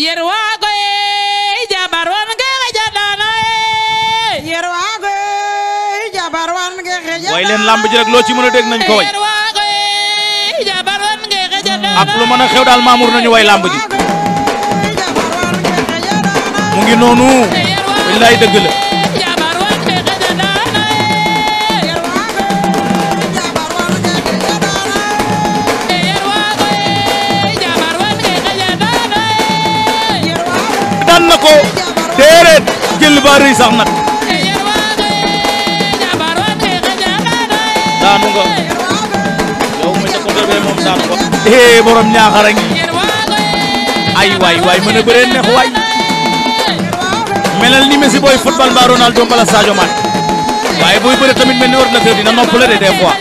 yerwago e jabar wonge xejaɗano e yerwago e jabar wonge xejaɗano way leen lamb ji rek loo ci mën a dégg nañ ko way yerwago e jabar ak lu mën a xew daal maamur nañu way lamb ji mu ngi noonu wallaay dëgg jël ba rëy sax nag daanu nga yow ma ca ko doon moom daanu ko eh borom ñaaxara ay waay waay mën a bëree neex waay melal ni Messi booy football mbaa Ronaldo mbala Sadio Mané waaye booy bëre tamit mel ni ordinateur dina noppale de des fois.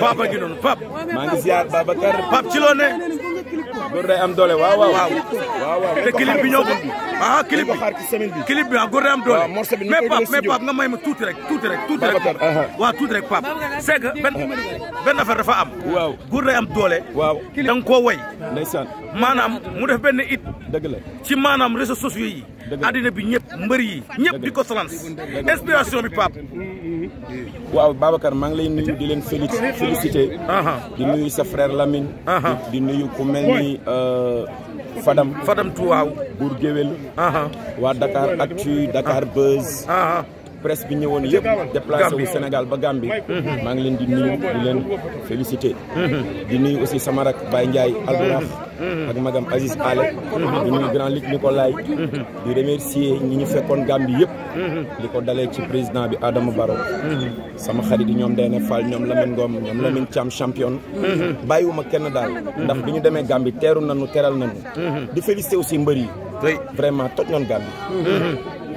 papa gi noonu pap maa ngi ziar Babacar pap ci loo góor day am doole waaw waaw. waaw waaw te clip bi ñoo ko. ah clip bi xaar ci bi. clip bi ah góor day am doole. mais Pape mais Pape nga may ma tuuti rek tuuti rek. tuuti rek waaw tuuti rek Pape. c'est que benn benn affaire dafa am. waaw góor am doole. waaw da nga koo way. ndeysaan maanaam mu def benn it. dëgg la ci maanaam réseaux sociaux yi. addina bi ñëpp mbër yi ñëpp di ko salans inspiration bi Pape waaw Babacar maa ngi lay nuyu di leen félic félicité di nuyu sa frère Lamine di nuyu ku mel ni euh, Fadam Fadam Touaw Bour Guéwél waa Dakar Actu Dakar Buzz presse bi ñëwoon yëpp déplacé wu Sénégal ba Gambie maa ngi leen di nuyu di leen félicité di nuyu usi sama rak Baye Ndiaye Alburax ak magam Aziz Ale di nuyu grand Luc Nicolaï di remercier ñi ñu fekkoon Gambie yëpp li ko dalee ci président bi Adama Barrow sama xarit yi ñoom ne Fall ñoom la Lamine Ngom ñoom Lamine Thiam champion bàyyiwuma kenn daal ndax bi ñu demee Gambie teeru nañu teral nañu di félicité aussi mbër yi vraiment toj noon Gambie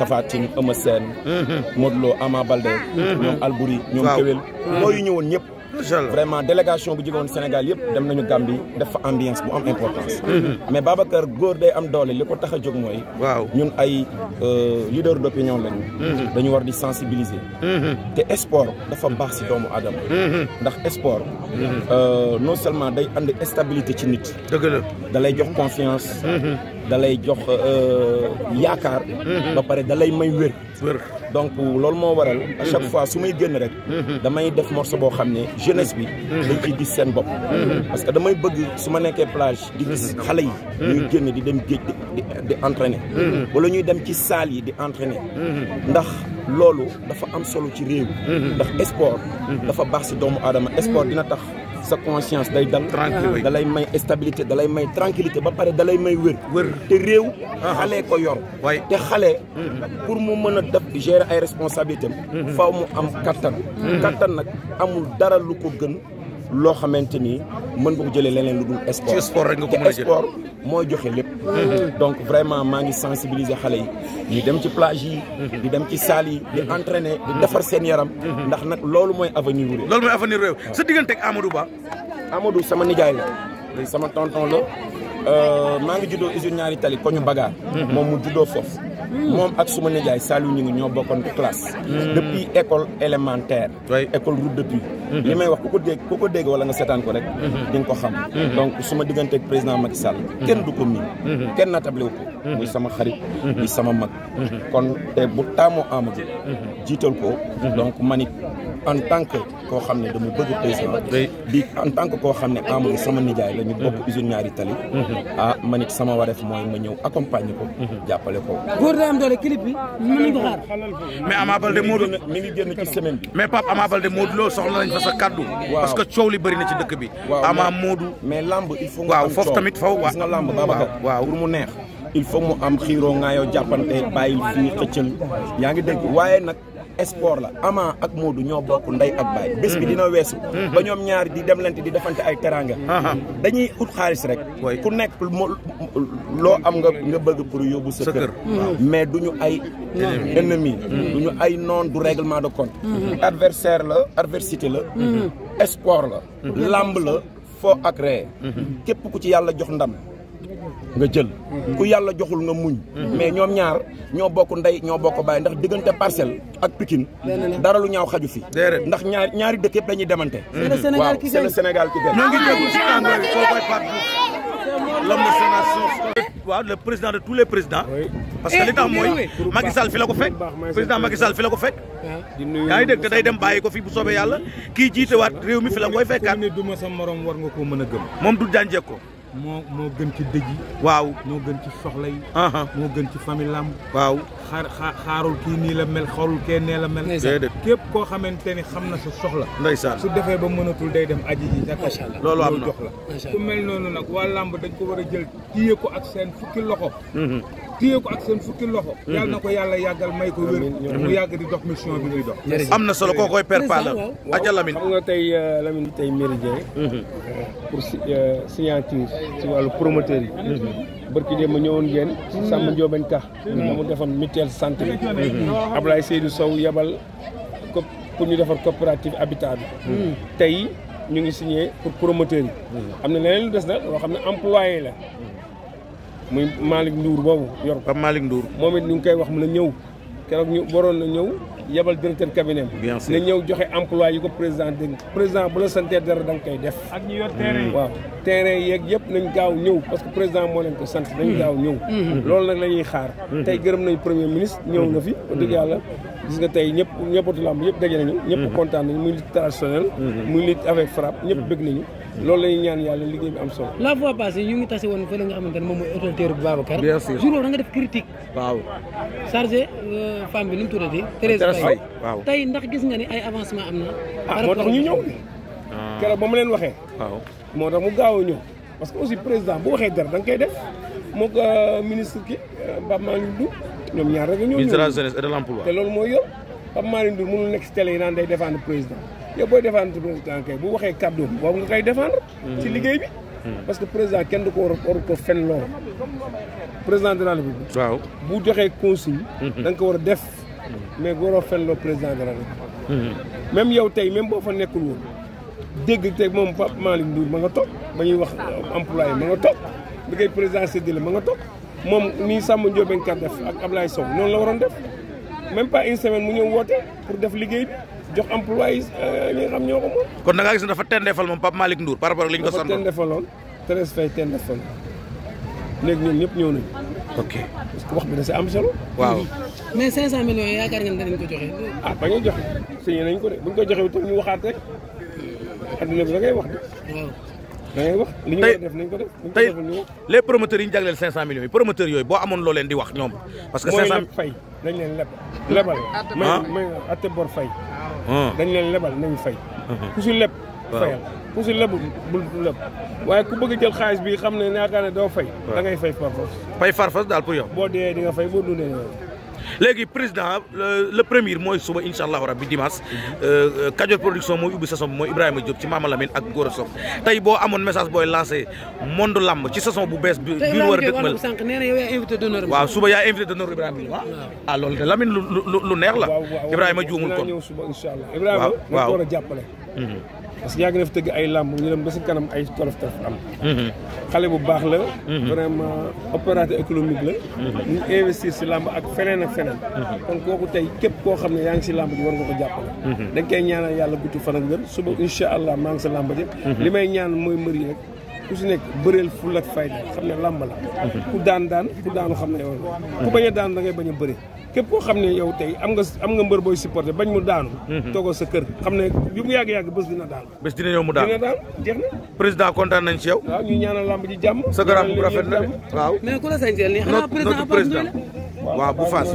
Tapha Tine Eumeu Sène mm-hmm. Modou Lo Ama Baldé mm-hmm. Kewel mm-hmm. mooy yu ñëwoon ñëpp vraiment délégation bu jógoon Sénégal yëpp dem nañu Gambie def fa ambiance bu am importance mais Babacar góor day am doole li ko tax a jóg mooy waaw ñun ay euh, leader d'opinion lañu dañu war di sensibiliser te sport dafa baax si doomu aadama ndax sport euh, non seulement day ànd stabilité ci nit dëgg da lay jox confiance da lay jox euh, yaakaar ba pare da lay may wér donc loolu moo waral à chaque fois su may génn rek damay def morceau boo xam ne jeunesse bi dañ gis seen bopp parce que damay bëgg su ma nekkee plage di gis xale yi ñuy génn di dem géej di di entraîner la ñuy dem ci salle yi di entraîner ndax loolu dafa am solo ci réew ndax sport dafa baax si doomu aadama sport dina tax sa conscience day dal da lay may stabilité da lay may tranquillité ba pare da lay may wér te réew ah, ah. xale ko yor gérer ay responsabilités am. Mhm. faaw mu am kattan. Mhm. kattan nag amul dara lu ko gën loo xamante ni mën nga ko jëlee leneen lu dul sport. ci sport rek nga ko mën moo joxe lépp. Mhm. donc vraiment maa ngi sensibiliser xale yi. ñu dem ci plage yi. di dem ci salle yi. di entraîner di defar seen yaram. ndax nag loolu mooy avenir réew. loolu mooy avenir réew sa diggante ak Amadou Ba. Amadou sama nijaay la. sama tonton la euh, maa ngi juddoo usine ñaari tali ko ñu bagaar. moom mu juddoo foofu. moom ak suma nijaay Saliou ñu ngi ñoo bokkoon classe. Mm. depuis école élémentaire. école route de Puy. Mm-hmm. li may wax ku ko dégg ku ko dégg wala nga seetaan ko rek. Mm-hmm. di nga ko xam. Mm-hmm. donc suma diggante ak président Macky Sall. kenn du ko miin. kenn natable wu ko. muy sama xarit. di sama mag. kon te bu taamu Amadou. jiital ko. donc man en tant que koo xam ne dama bëgg président bi en xam ne Amadou sama nijaay la ñu bokk usine ñaari tali mm-hmm. ah, ma ñëw accompagner ko mm-hmm. jàppale ko góor mais Ama Baldé Modou mi ngi génn ci bi mais Pape Ama Baldé Modou Lo soxla nañ fa sa kaddu parce que coow li bëri na ci dëkk bi Ama Modou mais lamb il faut waaw foofu tamit faw gis nga lamb Babacar waaw pour mu neex il faut mu am xiiroo ngaayoo jàppante bàyyil fii xëccal yaa ngi dégg waaye nag sport la Ama ak moo du ñoo bokk ndey ak baay bés bi dina weesu mhm. ba ñoom ñaari di demlante di defante ay teranga dañuy ut xaalis rek ku nekk loo am nga nga bëgg pour yóbbu sa kër mm. mais du ñu ay ennemi mm. du ñu ay noon du règlement de compte mm. adversaire la adversité la sport la lamb la foo ak ree képp ku ci yàlla jox ndam nga jël ku yàlla joxul nga muñ mais ñoom ñaar ñoo bokk ndey ñoo bokk bàyyi ndax diggante parcelle ak Pikine dara lu ñaaw xaju fi ndax ñaar ñaari dëkk yëpp dañuy demante waaw c'est le Sénégal ki gën ñoo ngi dégg ci tàngoor foo koy fàttali l'homme de Sénat suuf waaw le président de tous les présidents parce que li tax eh, mooy Macky Sall fi la ko fekk président Macky fi la ko fekk ah. yaa ngi dégg te day dem bàyyi ko fi bu soobee yàlla kii jiitewaat réew mi fi la koy fekkaat ne duma sa morom war nga ko mën a gëm moom du jànjee ko moo moo gën ci dëj waaw moo gën ci soxla yi moo gën ci famille lamb waaw xaar xaarul kii nii la mel xaarul kee la mel képp koo xamante ni xam na sa soxla ndeysaan su defee ba mënatul day dem aji ji macha allah loolu am na jox la ku mel noonu nag waa lamb dañ ko war a jël téye ko ak seen fukki loxo mhm. téye ko ak seen fukki loxo. Mhm. yàlla na ko yàlla yàggal may ko wér. mu yàgg di dox mission bi muy dox. am na solo koo koy perpa la. aja Lamine xam nga tey euh, Lamine bi tey méridien. Mhm. pour si euh, signature ci wàllu promoteur yi. Mhm. barki démb ñëwoon ngeen. sàmm Ndiobène Ka. mu defoon mutuelle santé bi. Ablaye Seydou Sow yebal ko pour ñu defar coopérative habitat tey ñu ngi signé pour promoteur yi. am na leneen lu des na loo xam ne employé la. muy Malick Ndour boobu yor ko. Pape moom it ñu ngi koy wax mu na ñëw keroog ñu waroon na ñëw yebal directeur cabinet bien sûr na ñëw joxe emploi yi ko président dégg président bu la santee dara da nga koy def. ak ñu yor terrain yi waaw. terrain yeeg yëpp nañ gaaw ñëw parce que président moo leen ko sant. dañ hmm. gaaw ñëw. Hmm. Hmm. loolu nag la ñuy xaar. tey gërëm nañ premier ministre ñëw na fi. wax dëgg yàlla gis nga tey ñëpp ñëppatu lamb yëpp daje nañu. ñëpp kontaan nañu muy lutte traditionnelle. muy lutte avec frappe ñëpp bëgg nañu. loolu la ñuy ñaan yàlla liggéey bi am solo. la fois passée ñu ngi tase woon fële nga xamante ne moom mooy autorité bu Babacar. bien sûr nga def critique. waaw euh, bi nu mu waaw tey ndax gis nga ni ay avancement am na. ah moo tax ñu ñëw. Ah. keroog ba mu leen waxee. waaw moo tax mu gaaw a ñëw. parce que aussi président bu waxee dara da nga koy def moo ko euh, ministre ki euh, Pape Malick Ndour ñoom ñaar rek a te loolu mooy yow Pape Malick Ndour mënul nekk si télé yi naan day défendre président. yow booy défendre président kay bu waxee kàddu boobu nga koy défendre. ci hmm. liggéey bi. Hmm. parce que président kenn du ko war a ko fen lool. président de la République. bu joxee consigne. Hmm. da nga ko war a def. mais waroo fen lool président de la République. même yow tey même boo fa nekkul woon dégg tey moom Pape Malick ma nga toog ba ñuy wax employé ma nga toog bi koy président séddale ma nga toog moom nii Samba Ndiobène Ka def ak Ablaye Sow noonu la waroon def. même pas une semaine mu ñëw woote pour def liggéey bi jox emploi yi euh, ñi nga xam ñoo ko moom. kon da ngaa gis ne dafa teel defal moom Pape Malick Ndour par rapport ak li ñu ko sant. dafa teel defaloon Thérèse Faye teel defaloon léegi ñoom ñëpp ñëw nañu. ok parce que wax bi da si am solo. waaw mais 500 millions yi yaakaar ngeen danañ ko joxe. ah ba ñu joxe signé nañ ko de bu ñu ko joxee itam ñu waxaat rek adduna bi da ngay wax de. da ngay wax li ñu def nañ ko les promoteurs yi ñu jagleel 500 millions yi promoteurs yooyu boo amoon loo leen di wax ñoom. parce que 500 fay dañ leen leb hmm. lebal. ah may atte bor fay. Hmm. dañ leen lebal nañu fay. Hmm. ku si leb. fayal ku si leb bul leb waaye ku bëgg jël xaalis bi xam ne yaakaar ne doo fay. da ngay fay farfas. fay farfas daal pour yow. boo dee di nga fay boo dundee léegi président le premier mooy suba incha allahu rabbi dimanche euh, Kajoor production mooy ubbi saison bi mooy Ibrahima Diop ci Mama Lamine ak Gora Sock tey boo amoon message booy lancé monde lamb ci sason bu bees bi ñu war a dëgmal waaw suba yaa invité d'honneur Ibrahima ah loolu de Lamine lu neex la Ibrahima juumul kon waaw waaw parce que yàgg na fi tëgg ay làmb ñu dem ba si kanam ay tolof tolof am. xale bu baax la. vraiment opérateur économique la. ñu investir si làmb ak feneen ak feneen. kon kooku tey képp koo xam ne yaa ngi si làmb ji war nga ko jàppale. dañ koy ñaanal yàlla gudd fan ak wér suba incha allah maa ngi sa làmb ji. li may ñaan mooy mbër yi rek. ku si nekk bëreel ful ak fayda xam ne làmb la ku daan daan ku daanu xam ne yow ku bañ a daan da ngay bañ a bëri képp koo xam ne yow tey am nga am nga mbër booy supporté bañ mu daanu mhm. toogoo sa kër xam ne yu mu yàgg-yàgg bés dina daan bés dina ñëw mu daan président kontaan nañ ci yow waaw ñuy ñaanal làmb ji jàmm sa garaam bu rafet la waaw mais ku la sañ président waaw bu Fass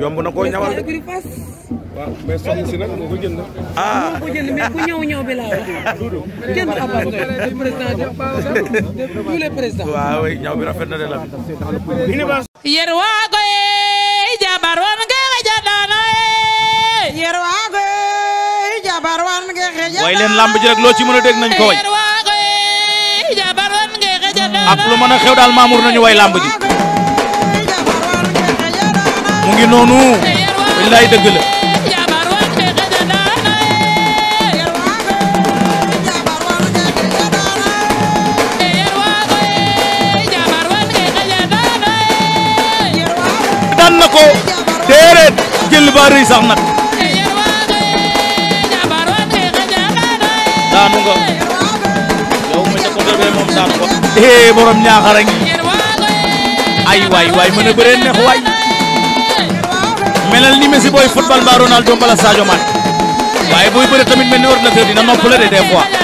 yomb na koo ñawal. waaw mais soxna si nag moo ko jënd. ah moo ko jënd mais ku ñëw ñëw bi laa wax. kenn du Abba président waaw ñaw bi rafet na de la. yéen waa koy jabar wan nga xëja daana yéen waa koy jabar wan nga xëja way leen lamb ji rek loo ci mën a dégg nañ ko way. ak lu mën a xew daal Mamour nañu way lamb ji. mu ngi noonu wallaay dëgg la daan na ko déedéet jël ba rëy sax nag daanu nga yow ma ca ko defee moom daan ko eh borom ñaaxara ngi ay waay waay mën a bëree neex waay melal ni Messi booy football mbaa Ronaldo mbala Sadio Mané waaye booy bëre tamit mel ni ordinateur dina noppale de des fois.